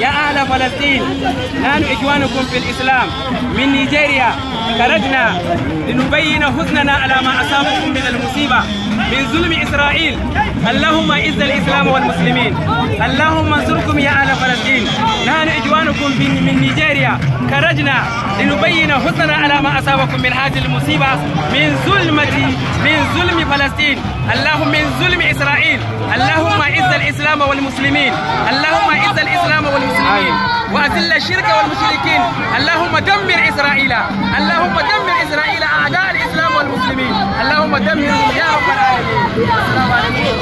يا أهل فلسطين نحن إخوانكم في الإسلام من نيجيريا خرجنا لنبين حزننا على ما أصابكم من المصيبة من ظلم إسرائيل اللهم إز الإسلام والمسلمين اللهم انصركم يا أهل فلسطين نحن إخوانكم من نيجيريا خرجنا لنبين حزننا على ما أصابكم من هذه المصيبة من ظلمة من ظلم فلسطين اللهم من ظلم إسرائيل اللهم إز الإسلام والمسلمين اللهم إز الإسلام واذل الشرك والمشركين اللهم دمر اسرائيل اللهم دمر اسرائيل اعداء الاسلام والمسلمين اللهم دمر يا رب العالمين